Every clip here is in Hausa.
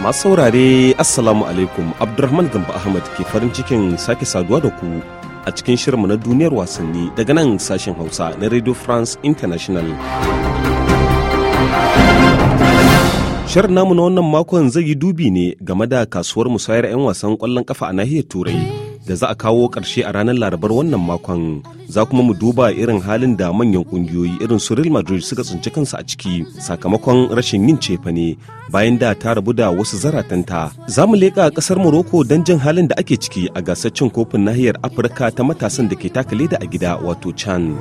masu saurare assalamu alaikum abdulrahman gamba ahmad ke farin cikin sake saduwa da ku a cikin shirinmu na duniyar wasanni daga nan sashen hausa na radio france international shirin namu na wannan makon zai yi dubi ne game da kasuwar musayar 'yan wasan kwallon kafa a nahiyar turai da za a kawo ƙarshe a ranar larabar wannan makon za kuma mu duba irin halin da manyan ƙungiyoyi irin su real madrid suka tsinci kansu a ciki sakamakon rashin yin cefa ne bayan da ta rabu da wasu zaratanta za mu leƙa ƙasar morocco don jin halin da ake ciki a gasar cin kofin nahiyar afirka ta matasan da ke takale da a gida wato chan.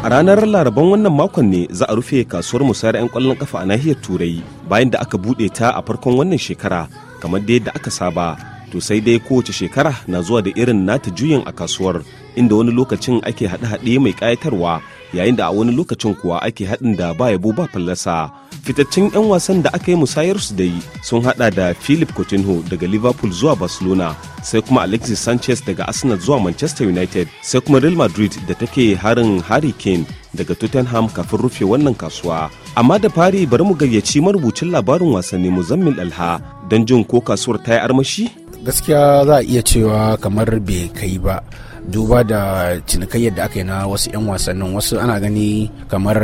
A ranar laraban wannan makon ne za a rufe kasuwar musayar 'yan kwallon kafa a nahiyar turai bayan da aka buɗe ta a farkon wannan shekara kamar da yadda aka saba to sai dai kowace shekara na zuwa da irin nata juyin a kasuwar inda wani lokacin ake haɗe-haɗe mai ƙayatarwa yayin da a wani lokacin kuwa ake haɗin da ba yabo ba fallasa fitaccen 'yan wasan da aka yi su da yi sun hada da philip coutinho daga liverpool zuwa barcelona sai kuma alexis sanchez daga arsenal zuwa manchester united sai kuma real madrid da take harin harry kane daga tottenham kafin rufe wannan kasuwa amma da fari bari mu gayyaci marubucin labarin wasanni muzammil alha don jin ko kasuwar ta yi armashi gaskiya za a iya cewa kamar bai kai ba duba da cinikayyar da aka yi na wasu 'yan wasannin wasu ana gani kamar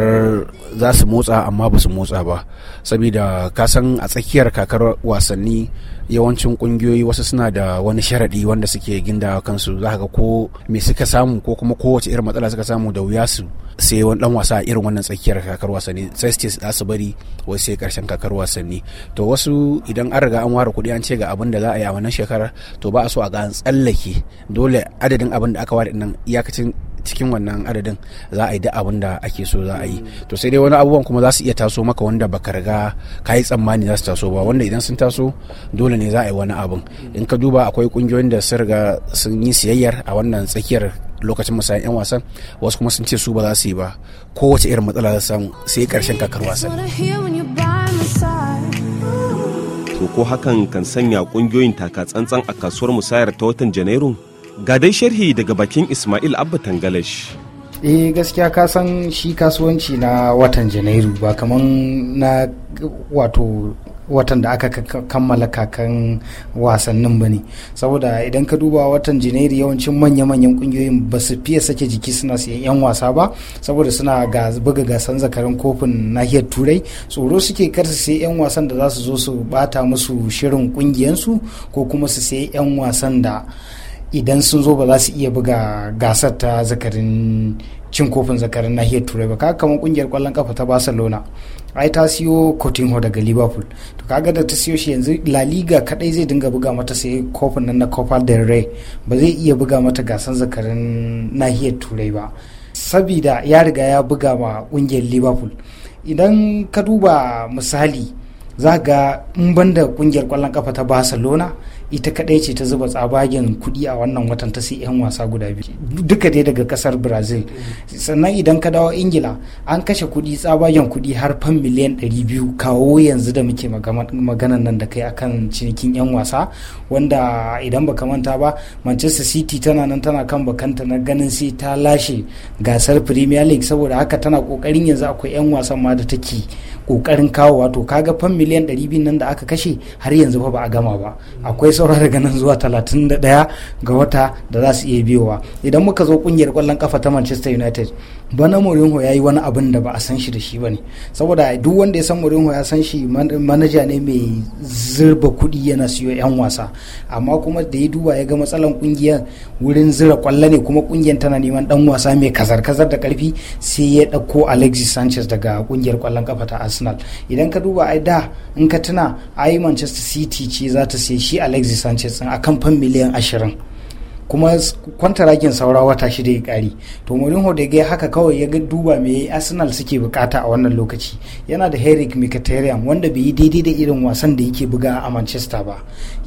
za su motsa amma ba su motsa ba saboda kasan a tsakiyar kakar wasanni yawancin kungiyoyi wasu suna da wani sharaɗi wanda suke ginda kansu za ga ko me suka samu ko kuma kowace irin matsala suka samu da wuya su sai wani dan wasa irin wannan tsakiyar kakar wasanni sai su za su bari wai sai karshen kakar wasanni to wasu idan an riga an ware kuɗi an ce ga abin da za a yi a wannan shekarar to ba a so a ga an tsallake dole adadin abin da aka ware nan iyakacin cikin wannan adadin za a yi da abin da ake so za a yi to sai dai wani abubuwan kuma za su iya taso maka wanda baka riga ka yi tsammani za su taso ba wanda idan sun taso dole ne za a yi wani abin in ka duba akwai kungiyoyin da sun riga sun yi siyayyar a wannan tsakiyar lokacin musayan 'yan wasan wasu kuma sun ce su ba za su yi ba kowace irin matsala za samu sai karshen kakar wasan to ko hakan kan sanya kungiyoyin taka tsantsan a kasuwar musayar ta watan janairun. ga dai sharhi daga bakin Ismail Abba Tangalash. eh gaskiya ka san shi kasuwanci na watan janairu ba kaman na wato watan da aka kammala kakan wasannin ba ne saboda idan ka duba watan janairu yawancin manya-manyan kungiyoyin ba su fiye sake jiki suna siyan 'yan wasa ba saboda suna buga gasan zakarin kofin nahiyar turai tsoro suke kar su 'yan wasan da za su zo su bata musu shirin kungiyansu ko kuma su sai 'yan wasan da idan sun zo ba za su iya buga gasar ta zakarin cin kofin zakarin nahiyar turai ba Ka kamar kungiyar kwallon kafa ta barcelona ai ta siyo coutinho daga liverpool to kaga da ta siyo shi yanzu la liga kadai zai dinga buga mata sai kofin nan na copa del rey ba zai iya buga mata gasar zakarin nahiyar turai ba sabida ya riga ya buga ma kungiyar liverpool idan ka duba misali za ga in banda kungiyar kwallon kafa ta barcelona ita kadai ce ta zuba tsabagen kuɗi a wannan watan ta sai 'yan wasa guda biyu duka dai daga kasar brazil sannan idan ka dawo ingila an kashe kuɗi tsabagen kuɗi har fan miliyan 200 kawo yanzu da muke maganan nan da kai akan cinikin 'yan wasa wanda idan baka manta ba manchester city tana nan tana kan bakanta na ganin sai ta lashe gasar premier league saboda haka tana kokarin yanzu akwai 'yan wasan ma da take kokarin kawo wato kaga fan miliyan 200 nan da aka kashe har yanzu fa ba a gama ba akwai saura daga nan zuwa 31 ga wata da za su iya biyowa idan muka zo kungiyar kwallon kafa ta manchester united bana Mourinho ya yi wani abin da ba a san shi da shi ba ne saboda duk wanda ya san Mourinho ya san shi manaja ne mai zirba kuɗi yana siyo 'yan wasa amma kuma da ya duba ya ga matsalan kungiyar wurin zira kwallo ne kuma kungiyar tana neman dan wasa mai kazar-kazar da karfi sai ya ɗauko Alexis Sanchez daga kungiyar kwallon kafa ta Arsenal idan ka duba ai da in ka tuna ai Manchester City ce za ta sai shi Alexis Sanchez a kan fan miliyan ashirin kuma kwantarakin saura wata shida ya kari to Mourinho da ga haka kawai ya ga duba me Arsenal suke bukata a wannan lokaci yana da Henrik Mkhitaryan wanda bai yi daidai da irin wasan da yake buga a Manchester ba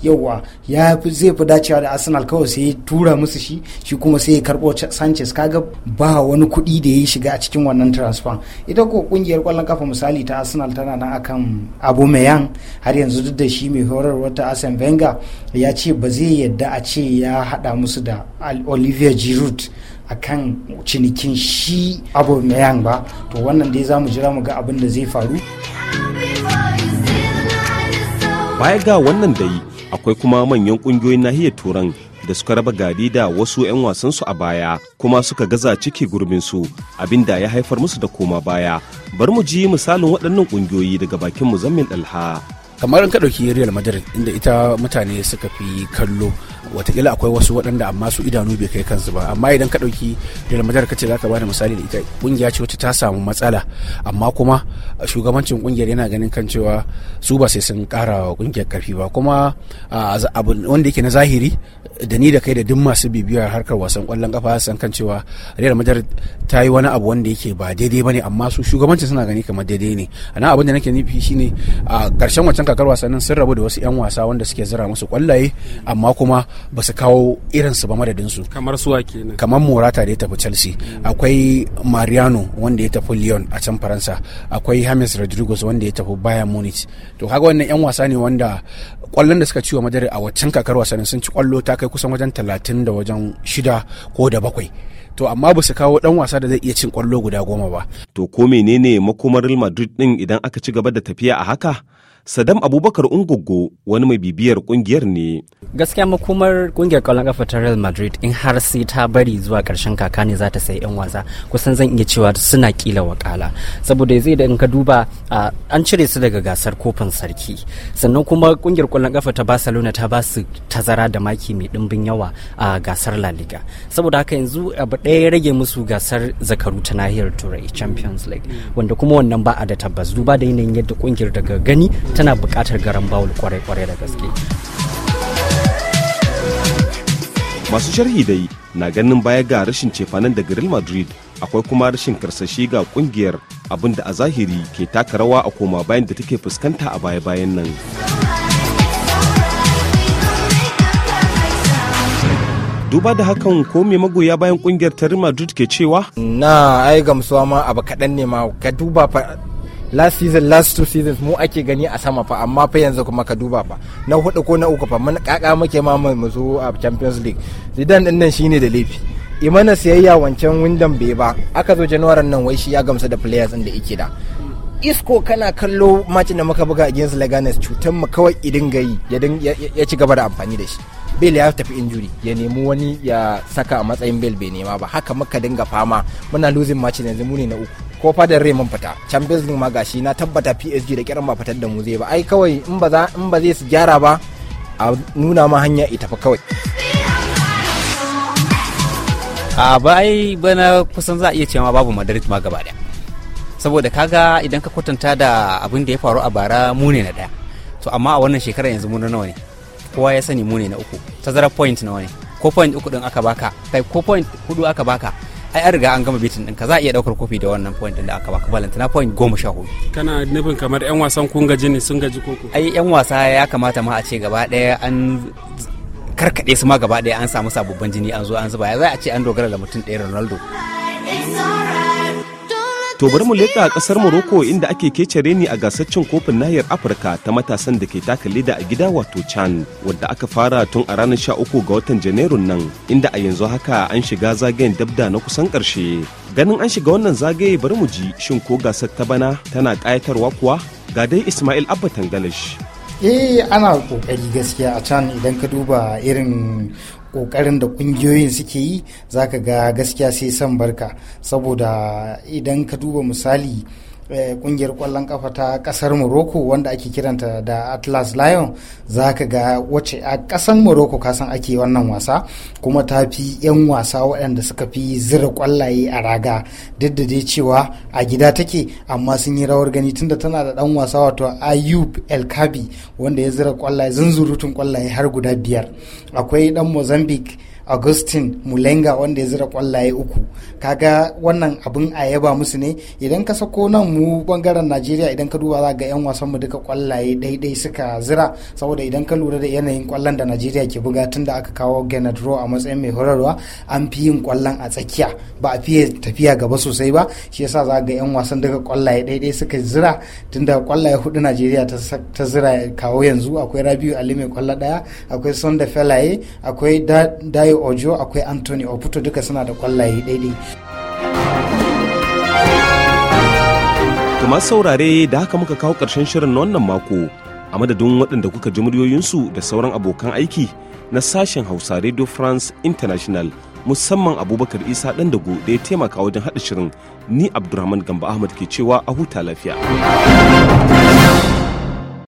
yauwa ya zai fi dacewa da Arsenal kawai sai ya tura musu shi shi kuma sai ya karbo Sanchez kaga ba wani kuɗi da ya shiga a cikin wannan transfer ita ko kungiyar kwallon kafa misali ta Arsenal tana nan akan abu Mayan har yanzu duk da shi mai horarwa ta Arsene Wenger ya ce ba zai yadda a ce ya haɗa musu musu da Olivia Giroud a kan cinikin shi abu mayan ba to wannan dai za mu jira mu ga abin da zai faru baya ga wannan dai akwai kuma manyan kungiyoyin nahiyar turan da suka raba gari da wasu 'yan wasansu a baya kuma suka gaza ciki gurbinsu abinda ya haifar musu da koma baya bar mu ji misalin waɗannan ƙungiyoyi daga bakin muzammin ɗalha kamar ka ɗauki real madrid inda ita mutane suka fi kallo watakila akwai wasu waɗanda amma su idanu bai kai kansu ba amma idan ka ɗauki daga madrid kace ka bani misali da ita kungiya ce wacce ta samu matsala amma kuma shugabancin kungiyar yana ganin kan cewa su ba sai sun ƙara wa kungiyar ƙarfi ba kuma abu wanda yake na zahiri da ni da kai da duk masu bibiyar harkar wasan kwallon kafa san kan cewa real madrid ta yi wani abu wanda yake ba daidai ba ne amma su shugabancin suna gani kamar daidai ne ana abin da nake nufi shine a ƙarshen wancan kakar wasannin sun rabu da wasu 'yan wasa wanda suke zira musu kwallaye amma kuma ba su kawo irinsu ba madadinsu kamar suwa kenan kamar morata da ya tafi chelsea mm. akwai mariano wanda ya tafi lyon a can faransa akwai hamis rodriguez wanda ya tafi bayern munich to kaga wannan yan wasa ne wanda kwallon da suka ci wa madari a waccan kakar wasannin sun ci kwallo ta kai kusan wajen talatin da wajen shida ko da bakwai to amma ba su kawo dan wasa da zai iya cin kwallo guda goma ba to ko menene makomar real madrid din idan aka ci gaba da tafiya a haka Sadam Abubakar Ungugu wani mai bibiyar kungiyar ne. Gaskiya makomar kungiyar kwallon kafa ta Real Madrid in har sai ta bari zuwa karshen kaka ne za ta sayi 'yan wasa kusan zan iya cewa suna kila wakala saboda zai da in ka duba an cire su daga gasar kofin sarki sannan kuma kungiyar kwallon kafa ta Barcelona ta ba su tazara da maki mai dimbin yawa a gasar La Liga saboda haka yanzu abu ɗaya rage musu gasar zakaru ta nahiyar Turai Champions League wanda kuma wannan ba a da tabbas duba da yanayin yadda kungiyar daga gani tana buƙatar garan bawul kwarai-kwarai da gaske masu sharhi dai na ganin baya ga rashin cefanen daga Real Madrid akwai kuma rashin karsashi ga kungiyar abinda a zahiri ke taka rawa a koma bayan da take fuskanta a baya-bayan nan. duba da hakan ko me magoya bayan kungiyar ta Real Madrid ke cewa na ai gamsuwa ma abu kaɗan ne ma ka duba last season last two seasons mu ake gani a sama fa amma fa yanzu kuma ka duba fa na hudu ko na uku fa mun kaka muke ma mu zo a Champions League Zidane din nan shine da laifi imana siyayya wancan windon bai ba aka zo January nan wai shi ya gamsu da players din da yake da isko kana kallo match da muka buga against Leganes cutan mu kawai idin gayi ya ci gaba da amfani da shi bail ya tafi injuri ya nemi wani ya saka a matsayin bail bai nema ba haka muka dinga fama muna losing match yanzu mu ne na uku ko fadar rai mun fita champions league ma gashi na tabbata psg da kiran ba fitar da mu zai ba ai kawai in ba za in ba zai su gyara ba a nuna ma hanya ita fa kawai a bai bana kusan za a iya cewa babu madrid ma gaba daya saboda kaga idan ka kwatanta da abin da ya faru a bara mu ne na daya to amma a wannan shekarar yanzu mu na nawa ne kowa ya sani mu ne na uku tazarar point nawa ne ko point uku din aka baka kai ko point hudu aka baka ai an riga an gama bitin ka za a iya ɗaukar kofi da wannan point din da aka baka na point goma sha hudu. kana nufin kamar yan wasan kun gaji ne sun gaji koko. ai yan wasa ya kamata ma a ce gaba daya an karkade su ma gaba daya an samu sababbin jini an zo an zuba ya za a ce an dogara da mutum ɗaya ronaldo. To bari mu leƙa ƙasar Morocco inda ake kece reni a gasar kofin nahiyar Afirka ta matasan da ke taka leda a gida wato Chan wadda aka fara tun a ranar sha uku ga watan Janairun nan inda a yanzu haka an shiga zagayen dabda na kusan ƙarshe. Ganin an shiga wannan zagaye bari mu ji shin ko gasar ta bana tana ƙayatarwa kuwa? Ga dai Ismail Abba Tangalish. eh ana kokari gaskiya a can idan ka duba irin kokarin da kungiyoyin suke yi zaka ga gaskiya sai san barka saboda idan ka duba misali Eh, kungiyar kwallon kafa ta kasar morocco wanda ake kiranta da atlas lion za ka ga wace a kasan morocco kasan ake wannan wasa kuma ta fi 'yan wasa waɗanda suka fi zira kwallaye a raga duk da dai cewa a gida take amma sun yi rawar gani tunda tana da ɗan wasa wato ayub el kabi wanda ya zira kwallaye zunzurutun kwallaye har guda biyar akwai ɗan mozambique augustin mulenga wanda ya zira kwallaye uku kaga wannan abin a yaba musu ne idan ka sako nan mu bangaren najeriya idan ka duba za ga yan mu duka kwallaye daidai suka zira saboda idan ka lura da yanayin kwallon da najeriya ke buga tun da aka kawo genadro a matsayin mai horarwa an fi yin kwallon a tsakiya ba a fiye tafiya gaba sosai ba shi yasa za ga yan wasan duka kwallaye daidai suka zira tun da kwallaye hudu najeriya ta zira kawo yanzu akwai rabiu ali mai kwallo daya akwai sonda felaye akwai dayo ojo akwai anthony oputo duka suna da kwallaye daidai masu saurare da haka muka kawo karshen shirin na wannan mako a madadin waɗanda kuka ji muryoyinsu da sauran abokan aiki na sashen hausa radio france international musamman abubakar isa ɗan dago da ya taimaka wajen haɗa shirin ni abdulrahman gamba ahmad ke cewa a huta lafiya